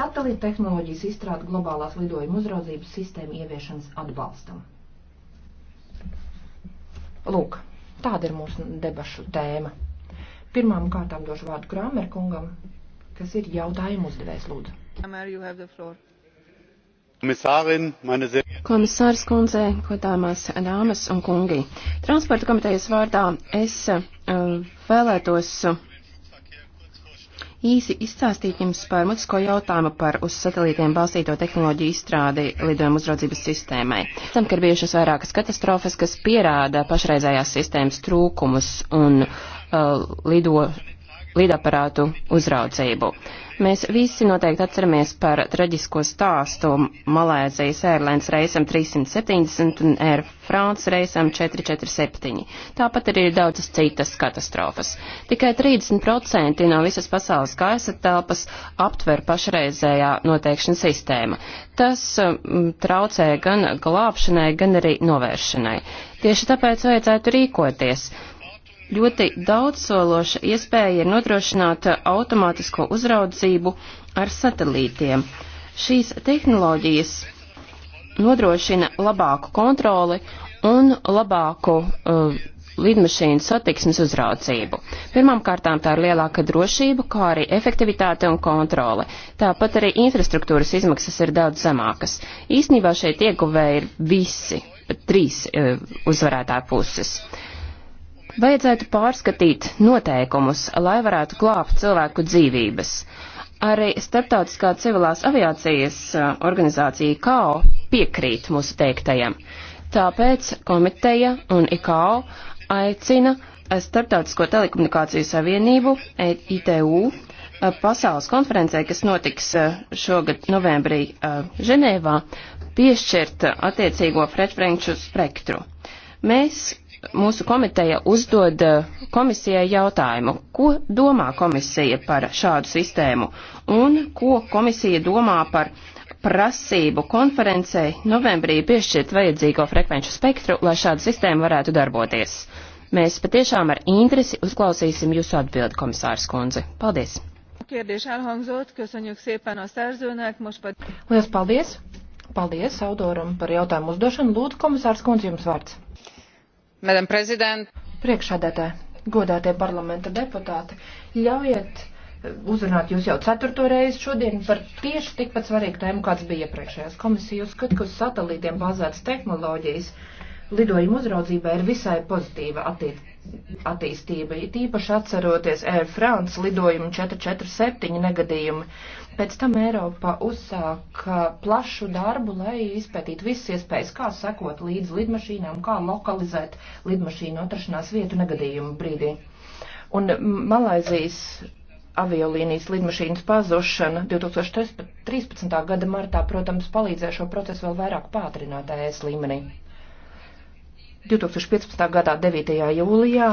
satelīta tehnoloģijas izstrādi globālās lidojuma uzraudzības sistēma ieviešanas atbalstam. Lūk, tāda ir mūsu debašu tēma. Pirmām kārtām došu vārdu Krāmerkungam, kas ir jautājumu uzdevējs lūdzu. Komisārs kundze, godāmās dāmas un kungi. Transporta komitejas vārdā es uh, vēlētos uh, īsi izstāstīt jums par mutisko jautājumu par uz satelītiem balstīto tehnoloģiju izstrādi lidojuma uzraudzības sistēmai. Tam, ka ir bijušas vairākas katastrofas, kas pierāda pašreizējās sistēmas trūkumus un uh, lido lidaparātu uzraudzību. Mēs visi noteikti atceramies par traģisko stāstu Malēzijas Airlines reisam 370 un Air France reisam 447. Tāpat arī ir daudzas citas katastrofas. Tikai 30% no visas pasaules gaisa telpas aptver pašreizējā noteikšana sistēma. Tas um, traucē gan glābšanai, gan arī novēršanai. Tieši tāpēc vajadzētu rīkoties ļoti daudzsološa iespēja ir nodrošināt automātisko uzraudzību ar satelītiem. Šīs tehnoloģijas nodrošina labāku kontroli un labāku uh, lidmašīnu satiksmes uzraudzību. Pirmkārtām tā ir lielāka drošība, kā arī efektivitāte un kontrole. Tāpat arī infrastruktūras izmaksas ir daudz zemākas. Īsnībā šeit ieguvēji ir visi, pat trīs uh, uzvarētāju puses. Uh, Vajadzētu pārskatīt noteikumus, lai varētu glābt cilvēku dzīvības. Arī Startautiskā civilās aviācijas organizācija ICAO piekrīt mūsu teiktajam. Tāpēc komiteja un ICAO aicina Startautisko telekomunikāciju savienību e ITU pasaules konferencē, kas notiks šogad novembrī Ženēvā, piešķirt attiecīgo frekvenču spektru. Mēs mūsu komiteja uzdod eh, komisijai jautājumu, ko domā komisija par šādu sistēmu un ko komisija domā par prasību konferencei novembrī piešķirt vajadzīgo frekvenču spektru, lai šāda sistēma varētu darboties. Mēs patiešām ar interesi uzklausīsim jūsu atbildi, komisārs Kunze. Paldies! Lielas paldies! Paldies autoram par jautājumu uzdošanu. Lūdzu, komisārs Kunze, jums vārds. Priekšādētāji, godātie parlamenta deputāti, ļaujiet eh, uzrunāt jūs jau ceturto reizi šodien par tieši tikpat svarīgu tēmu, kāds bija iepriekšējās komisijas uzskat, ka uz satelītiem bāzētas tehnoloģijas lidojuma uzraudzībā ir visai pozitīva attī attīstība, it īpaši atceroties Air France lidojumu 447 negadījumu, Pēc tam Eiropa uzsāka uh, plašu darbu, lai izpētītu visas iespējas, kā sekot līdz lidmašīnām, kā lokalizēt lidmašīnu atrašanās vietu negadījumu brīdī. Un Malaizijas aviolīnijas lidmašīnas pazušana 2013. gada martā, protams, palīdzēja šo procesu vēl vairāk pātrināt ES līmenī. 2015. gadā 9. jūlijā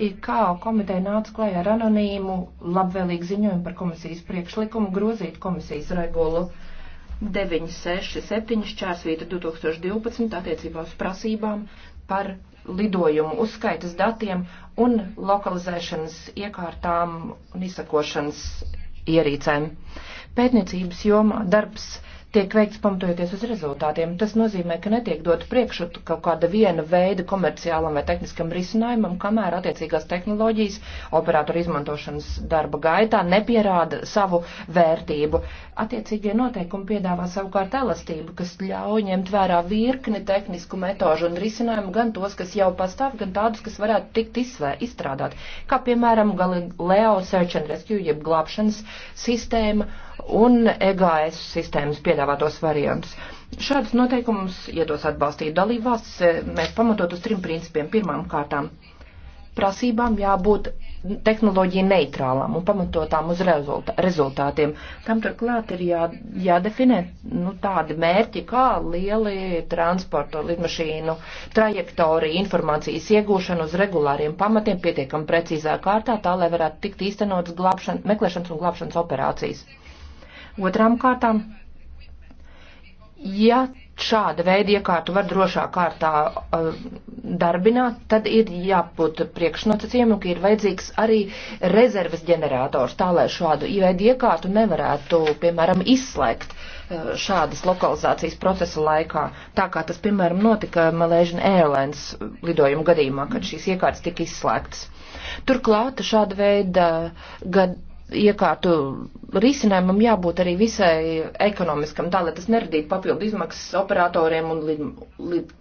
IKO komiteja nāca klajā ar anonīmu labvēlīgu ziņojumu par komisijas priekšlikumu grozīt komisijas regulu 967 šķērsvīta 2012 attiecībā uz prasībām par lidojumu uzskaitas datiem un lokalizēšanas iekārtām un izsakošanas ierīcēm. Pētniecības jomā darbs tiek veikts pamatojoties uz rezultātiem. Tas nozīmē, ka netiek dot priekšrotu kaut kāda viena veida komerciālam vai tehniskam risinājumam, kamēr attiecīgās tehnoloģijas operātoru izmantošanas darba gaitā nepierāda savu vērtību. Attiecīgie noteikumi piedāvā savukārt elastību, kas ļauj ņemt vērā virkni tehnisku metožu un risinājumu gan tos, kas jau pastāv, gan tādus, kas varētu tikt izsvē, izstrādāt. Kā piemēram Galileo Search and Rescue, jeb glābšanas sistēma un EGS sistēmas piedāvājums piedāvātos variantus. Šādus noteikumus, ja tos atbalstītu dalībvalstis, e, mēs pamatot uz trim principiem. Pirmām kārtām prasībām jābūt tehnoloģija neitrālām un pamatotām uz rezultā, rezultātiem. Tam turklāt ir jā, jādefinē nu, tādi mērķi, kā lieli transporta lidmašīnu trajektorija, informācijas iegūšana uz regulāriem pamatiem pietiekam precīzā kārtā, tā lai varētu tikt īstenotas meklēšanas un glābšanas operācijas. Otrām kārtām ja šāda veida iekārtu var drošā kārtā uh, darbināt, tad ir jābūt priekšnosacījumam, ka ir vajadzīgs arī rezerves ģenerators, tā lai šādu veidu iekārtu nevarētu, piemēram, izslēgt uh, šādas lokalizācijas procesa laikā, tā kā tas, piemēram, notika Malaysian Airlines lidojuma gadījumā, kad šīs iekārtas tika izslēgtas. Turklāt šāda veida gad, iekārtu risinājumam jābūt arī visai ekonomiskam, tā lai tas neradītu papildu izmaksas operatoriem un lid, lid,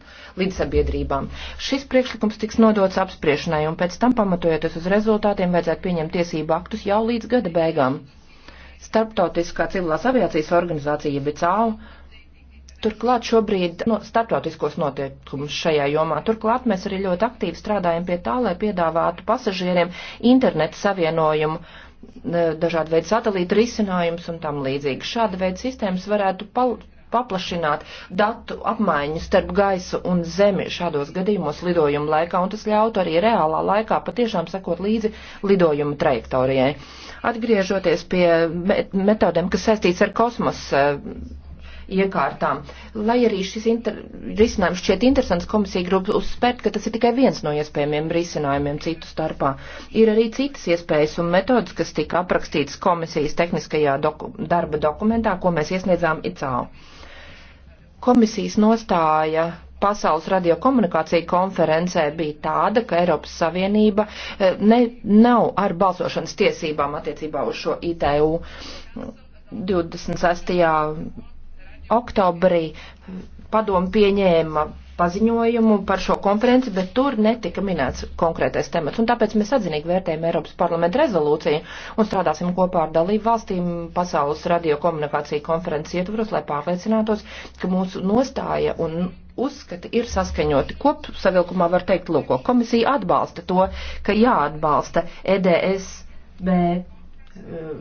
lidsabiedrībām. Šis priekšlikums tiks nodots apspriešanai, un pēc tam, pamatojoties uz rezultātiem, vajadzētu pieņemt tiesību aktus jau līdz gada beigām. Starptautiskā civilās aviācijas organizācija BICAO Turklāt šobrīd no, nu, starptautiskos notiekumus šajā jomā. Turklāt mēs arī ļoti aktīvi strādājam pie tā, lai piedāvātu pasažieriem internetu savienojumu dažādi veidi satelīta risinājums un tam līdzīgi. Šāda veida sistēmas varētu paplašināt datu apmaiņu starp gaisu un zemi šādos gadījumos lidojuma laikā, un tas ļautu arī reālā laikā patiešām sekot līdzi lidojuma trajektorijai. Atgriežoties pie metodēm, kas saistīts ar kosmosa iekārtām. Lai arī šis inter... risinājums šķiet interesants, komisija grib uzspērt, ka tas ir tikai viens no iespējamiem risinājumiem citu starpā. Ir arī citas iespējas un metodas, kas tika aprakstītas komisijas tehniskajā doku... darba dokumentā, ko mēs iesniedzām ICAO. Komisijas nostāja Pasaules radiokomunikācija konferencē bija tāda, ka Eiropas Savienība e, ne, nav ar balsošanas tiesībām attiecībā uz šo ITU 26 oktobrī padomu pieņēma paziņojumu par šo konferenci, bet tur netika minēts konkrētais temats. Un tāpēc mēs atzinīgi vērtējam Eiropas parlamenta rezolūciju un strādāsim kopā ar dalību valstīm pasaules radiokomunikāciju konferences ietvaros, lai pārliecinātos, ka mūsu nostāja un uzskati ir saskaņoti. Kopsavilkumā var teikt, lūk, komisija atbalsta to, ka jāatbalsta EDSB. Uh, eh,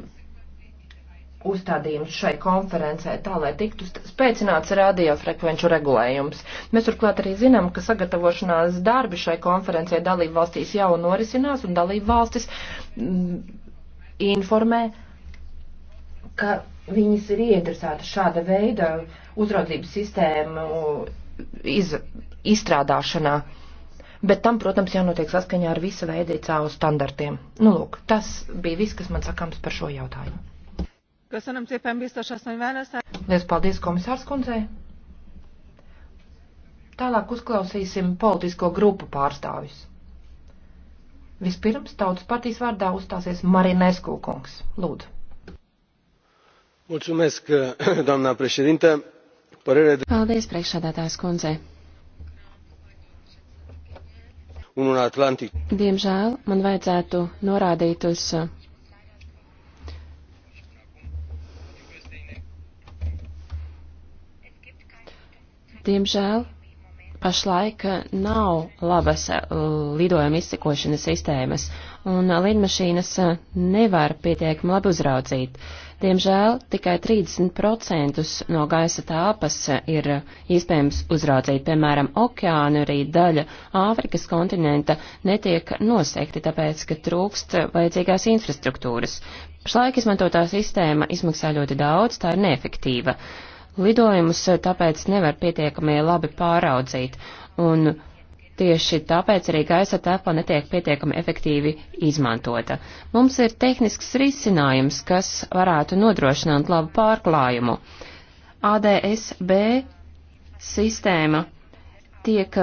uzstādījums šai konferencē, tā lai tiktu spēcināts radiofrekvenču regulējums. Mēs turklāt arī zinām, ka sagatavošanās darbi šai konferencē dalību valstīs jau norisinās un dalību valstis mm, informē, ka viņas ir ieinteresētas šāda veida uzraudzības sistēmu iz, izstrādāšanā. Bet tam, protams, jānotiek saskaņā ar visu veidu cēlu standartiem. Nu, lūk, tas bija viss, kas man sakāms par šo jautājumu. Köszönöm szépen, biztos asszony válaszát. Lies paldies komisārs kundzei. Tālāk uzklausīsim politisko grupu pārstāvis. Vispirms tautas partijas vārdā uzstāsies Marinesku kungs. Lūdzu. Mulțumesc, doamna președintă. Părere de... Paldies, priekšsādātājs kundzei. Un un Atlantik. Diemžēl man vajadzētu norādīt uz Diemžēl pašlaik nav labas eh, lidojuma izsekošanas sistēmas, un lidmašīnas eh, nevar pietiekami labi uzraudzīt. Diemžēl tikai 30% no gaisa tāpas eh, ir iespējams uzraudzīt, piemēram, okeāna arī daļa Āfrikas kontinenta netiek nosekti, tāpēc, ka trūkst vajadzīgās infrastruktūras. Pašlaik izmantotā sistēma izmaksā ļoti daudz, tā ir neefektīva. Lidojumus eh, tāpēc nevar pietiekami labi pāraudzīt, un Tieši tāpēc arī gaisa telpa netiek pietiekami efektīvi izmantota. Mums ir tehnisks risinājums, kas varētu nodrošināt labu pārklājumu. ADSB sistēma tiek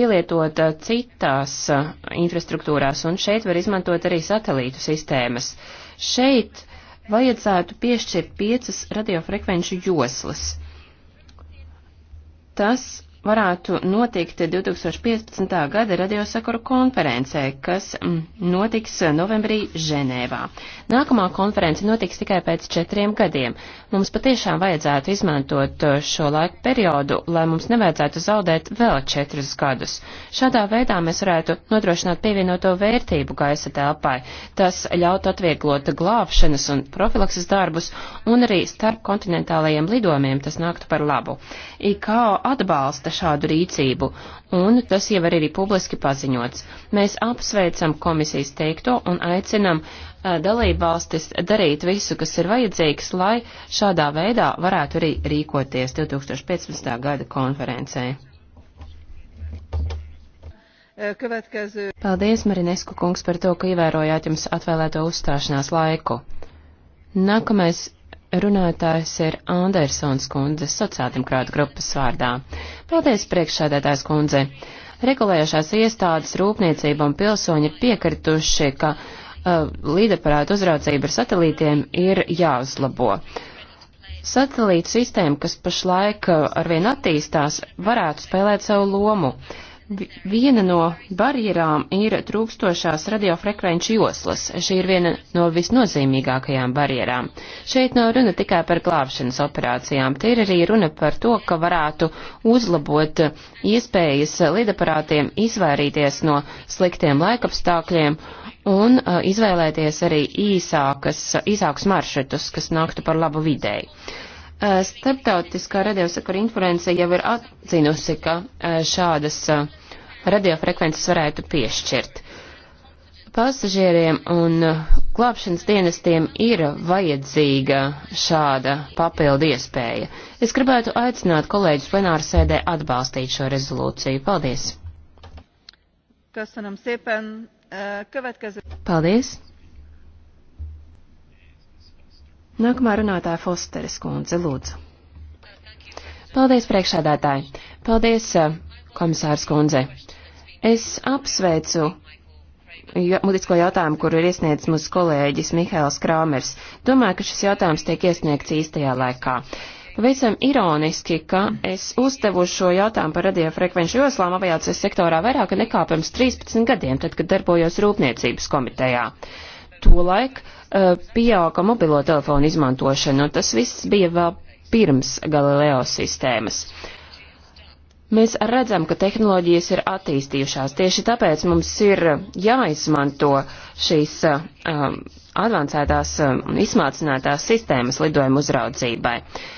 pielietota eh, citās eh, infrastruktūrās, un šeit var izmantot arī satelītu sistēmas. Šeit vajadzētu piešķirt piecas radiofrekvenču joslas. Tas varētu notikt 2015. gada radiosakaru konferencē, kas mm, notiks novembrī Ženēvā. Nākamā konference notiks tikai pēc četriem gadiem. Mums patiešām vajadzētu izmantot uh, šo laiku periodu, lai mums nevajadzētu zaudēt vēl četrus gadus. Šādā veidā mēs varētu nodrošināt pievienoto vērtību gaisa telpai. Tas ļautu atvieglot glābšanas un profilakses darbus, un arī starpkontinentālajiem lidojumiem tas nāktu par labu. IKO atbalsta šādu rīcību, un tas jau ir arī publiski paziņots. Mēs apsveicam komisijas teikto un aicinam uh, dalībvalstis darīt visu, kas ir vajadzīgs, lai šādā veidā varētu arī rīkoties 2015. gada konferencē. Eh, Paldies, Marinesku kungs, par to, ka ievērojāt jums atvēlēto uzstāšanās laiku. Nākamais runātājs ir Andersons kundze sociāldemokrāta grupas vārdā. Paldies, priekšsēdētājs kundze. Regulējušās iestādes rūpniecība un pilsoņi ir piekrituši, ka uh, līderparāta uzraucība ar satelītiem ir jāuzlabo. Satelīta sistēma, kas pašlaik uh, arvien attīstās, varētu spēlēt savu lomu. Uh, Viena no barjerām ir trūkstošās radiofrekvenču joslas. Šī ir viena no visnozīmīgākajām barjerām. Šeit nav runa tikai par glābšanas operācijām, te ir arī runa par to, ka varētu uzlabot iespējas lidaparātiem izvairīties no sliktiem laikapstākļiem un izvēlēties arī īsākas, īsākus maršrutus, kas nāktu par labu videi. Eh, starptautiskā radiosakara influence jau ir atzinusi, ka eh, šādas eh, radiofrekvences varētu piešķirt. Pasažieriem un glābšanas dienestiem ir vajadzīga šāda papildu iespēja. Es gribētu aicināt kolēģus plenāru sēdē atbalstīt šo rezolūciju. Paldies! Köszönöm szépen! Következő... Paldies! Nākamā runātāja Fosteris kundze, lūdzu. Paldies, priekšādātāji. Paldies, eh, komisārs kundze. Es apsveicu mutisko jautājumu, kuru ir iesniedzis mūsu kolēģis Mihails Krāmers. Domāju, ka šis jautājums tiek iesniegts īstajā laikā. Pavisam ironiski, ka es uzdevu šo jautājumu par radiofrekvenču joslām aviācijas sektorā vairāk nekā pirms 13 gadiem, tad, kad darbojos Rūpniecības komitejā tolaik uh, pieauga mobilo telefonu izmantošana, un tas viss bija vēl pirms Galileo sistēmas. Mēs redzam, ka tehnoloģijas ir attīstījušās. Tieši tāpēc mums ir jāizmanto šīs um, uh, eh, advancētās eh, un um, izmācinātās sistēmas lidojuma uzraudzībai. Uh,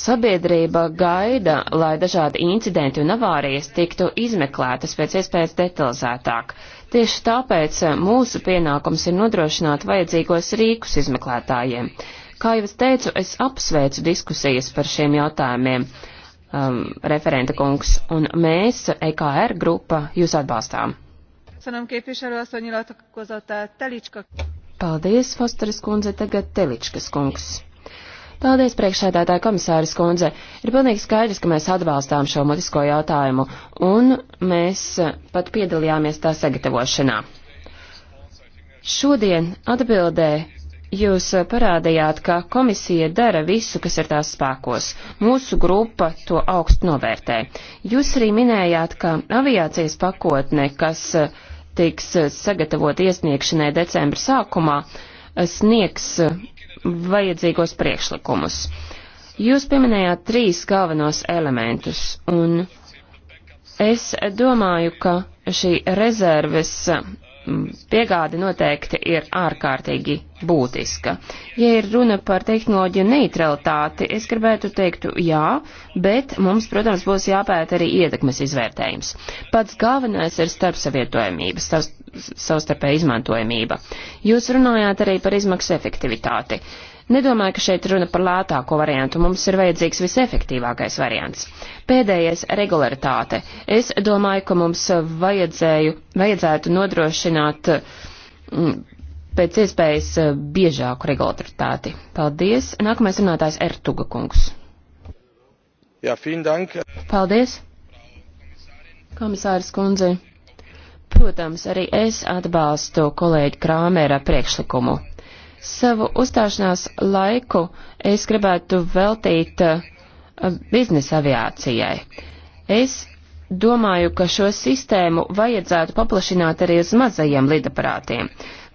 Sabiedrība gaida, lai dažādi incidenti un avārijas tiktu izmeklētas pēc iespējas detalizētāk. Tieši tāpēc eh, mūsu pienākums ir nodrošināt vajadzīgos rīkus izmeklētājiem. Kā jau es teicu, es apsveicu diskusijas par šiem jautājumiem, um, referenta kungs, un mēs, EKR grupa, jūs atbalstām. Paldies, Fosteris kundze, tagad Teličkas kungs. Paldies, priekšsēdētāja komisāris kundze. Ir pilnīgi skaidrs, ka mēs atbalstām šo mutisko jautājumu, un mēs pat piedalījāmies tā sagatavošanā. Šodien atbildē Jūs parādījāt, ka komisija dara visu, kas ir tās spēkos. Mūsu grupa to augstu novērtē. Jūs arī minējāt, ka aviācijas pakotne, kas tiks sagatavot iesniegšanai decembra sākumā, sniegs vajadzīgos priekšlikumus. Jūs pieminējāt trīs galvenos elementus, un es domāju, ka šī rezerves mm, piegāde noteikti ir ārkārtīgi būtiska. Ja ir runa par tehnoloģiju neutralitāti, es gribētu teikt jā, bet mums, protams, būs jāpēta arī ietekmes izvērtējums. Pats galvenais ir starpsavietojamības, starp savstarpēja izmantojamība. Jūs runājāt arī par izmaksu efektivitāti. Nedomāju, ka šeit runa par lētāko variantu. Mums ir vajadzīgs visefektīvākais variants. Pēdējais - regularitāte. Es domāju, ka mums vajadzēju, vajadzētu nodrošināt m, mm, pēc iespējas biežāku regularitāti. Paldies. Nākamais runātājs - Ertuga kungs. Jā, ja, dank. Paldies. Komisāris kundze. Protams, arī es atbalstu kolēģi Krāmera priekšlikumu. Savu uzstāšanās laiku es gribētu veltīt eh, biznesa aviācijai. Es domāju, ka šo sistēmu vajadzētu paplašināt arī uz mazajiem lidaparātiem.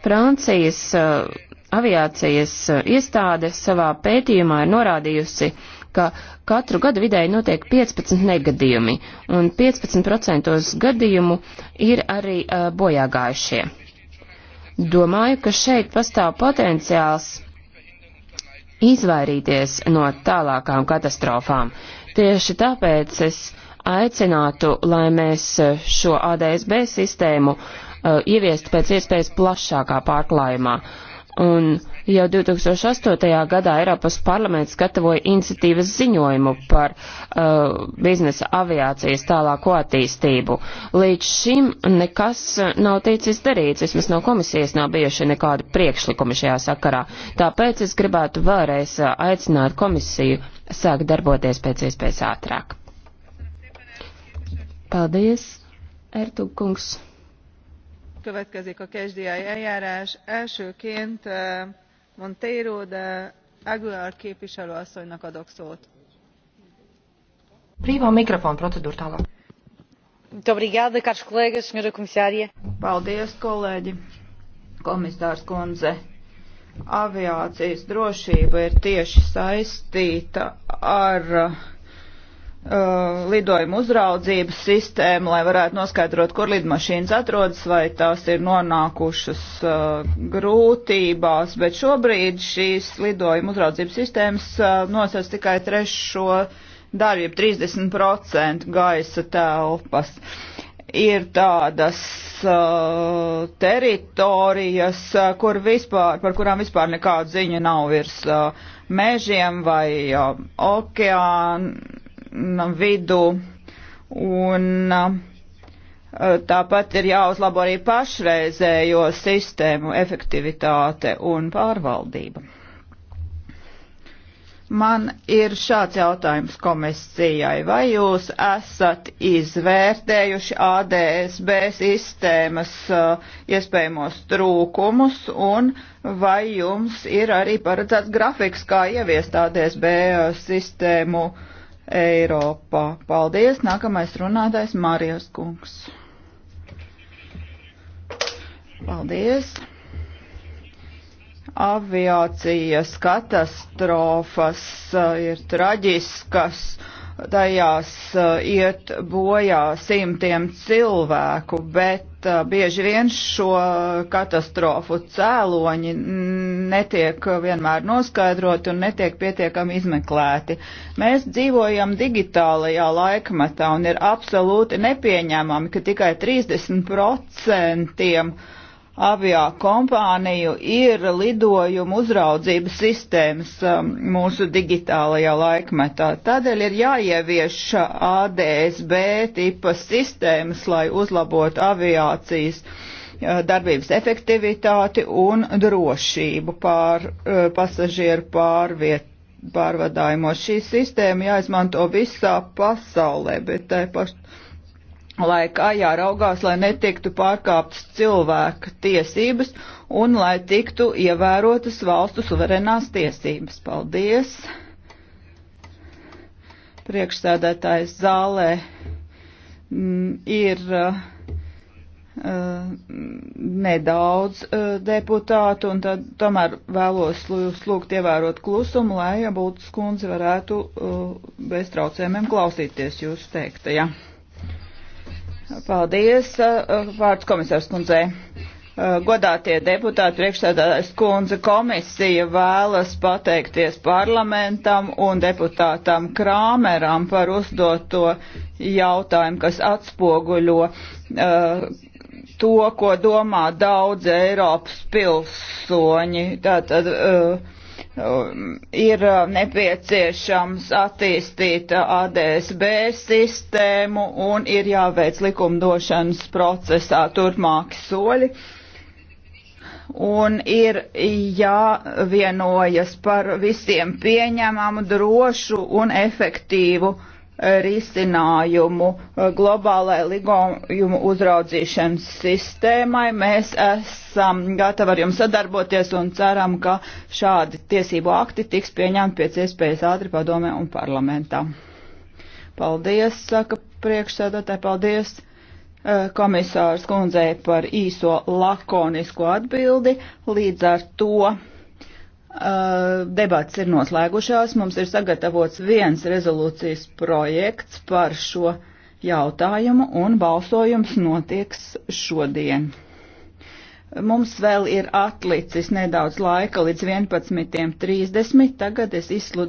Francijas eh, aviācijas eh, iestāde savā pētījumā ir norādījusi, ka katru gadu vidēji notiek 15 negadījumi, un 15% gadījumu ir arī uh, bojāgājušie. Domāju, ka šeit pastāv potenciāls izvairīties no tālākām katastrofām. Tieši tāpēc es aicinātu, lai mēs šo ADSB sistēmu uh, ieviestu pēc iespējas plašākā pārklājumā. Uh, Un jau 2008. gadā Eiropas parlaments gatavoja iniciatīvas ziņojumu par uh, biznesa aviācijas tālāko attīstību. Līdz šim nekas nav ticis darīts, vismaz no komisijas nav bijuši nekādi priekšlikumi šajā sakarā. Tāpēc es gribētu vēlreiz uh, aicināt komisiju sākt darboties pēc iespējas ātrāk. Paldies, Ertug kungs következik a catch the eye eljárás elsőként eh, monteiro de aguilar képviselő asszonynak adok szót. Brīvā mikrofona procedūra tālāk. Obrigada, caros colegas, senhora comissária. Paldies, kolēģi. Komisārs kundze, aviācijas drošība ir tieši saistīta ar uh, Uh, lidojuma uzraudzības sistēmu, lai varētu noskaidrot, kur lidmašīnas atrodas, vai tās ir nonākušas uh, grūtībās, bet šobrīd šīs lidojuma uzraudzības sistēmas uh, nosauc tikai trešo daļu, jeb 30% gaisa telpas. Ir tādas uh, teritorijas, uh, kur vispār, par kurām vispār nekāda ziņa nav virs uh, mežiem vai uh, okeāna vidū. Un eh, tāpat ir jāuzlabo arī pašreizējo sistēmu efektivitāte un pārvaldība. Man ir šāds jautājums komisijai. Vai jūs esat izvērtējuši ADSB sistēmas eh, iespējamos trūkumus un vai jums ir arī paredzēts grafiks, kā ieviest ADSB eh, sistēmu uh, Eiropā. Paldies! Nākamais runātājs Mārijas kungs. Paldies! Aviācijas katastrofas uh, ir traģiskas tajās eh, iet bojā simtiem cilvēku, bet eh, bieži vien šo katastrofu cēloņi netiek vienmēr noskaidroti un netiek pietiekami izmeklēti. Mēs dzīvojam digitālajā laikmatā un ir absolūti nepieņēmami, ka tikai 30% avio kompāniju ir lidojumu uzraudzības sistēmas um, mūsu digitālajā laikmetā. Tādēļ ir jāievieš ADSB tipas sistēmas, lai uzlabotu aviācijas uh, darbības efektivitāti un drošību pār uh, pasažieru pārvietu pārvadājumos. Šī sistēma jāizmanto visā pasaulē, bet tai pašai laikā jāraugās, lai netiktu pārkāptas cilvēka tiesības un lai tiktu ievērotas valstu suverenās tiesības. Paldies! Priekšsēdētājs zālē mm, ir uh, mm, nedaudz uh, deputātu, un tad tomēr vēlos lūgt ievērot klusumu, lai, ja būtu skundze, varētu uh, bez traucējumiem klausīties jūsu teiktajā. Ja. Paldies, uh, uh, vārds komisārs kundzei. Uh, godātie deputāti, priekšstādātājs kundze komisija vēlas pateikties parlamentam un deputātam Krāmeram par uzdoto jautājumu, kas atspoguļo uh, to, ko domā daudz Eiropas pilsoņi. Tātad, uh, Um, ir uh, nepieciešams attīstīt uh, ADSB sistēmu un ir jāveic likumdošanas procesā turpmāki soļi. Un ir jāvienojas par visiem pieņemamu, drošu un efektīvu uh, risinājumu globālai ligojumu uzraudzīšanas sistēmai. Mēs esam gatavi ar jums sadarboties un ceram, ka šādi tiesību akti tiks pieņemti pēc iespējas ātri padomē un parlamentā. Paldies, saka priekšsēdētāji, paldies eh, komisārs kundzei par īso lakonisko atbildi. Līdz ar to. Eh, debats ir noslēgušās. Mums ir sagatavots viens rezolūcijas projekts par šo jautājumu, un balsojums notieks šodien. Mums vēl ir atlicis nedaudz laika līdz 11.30. Tagad es izsludinu.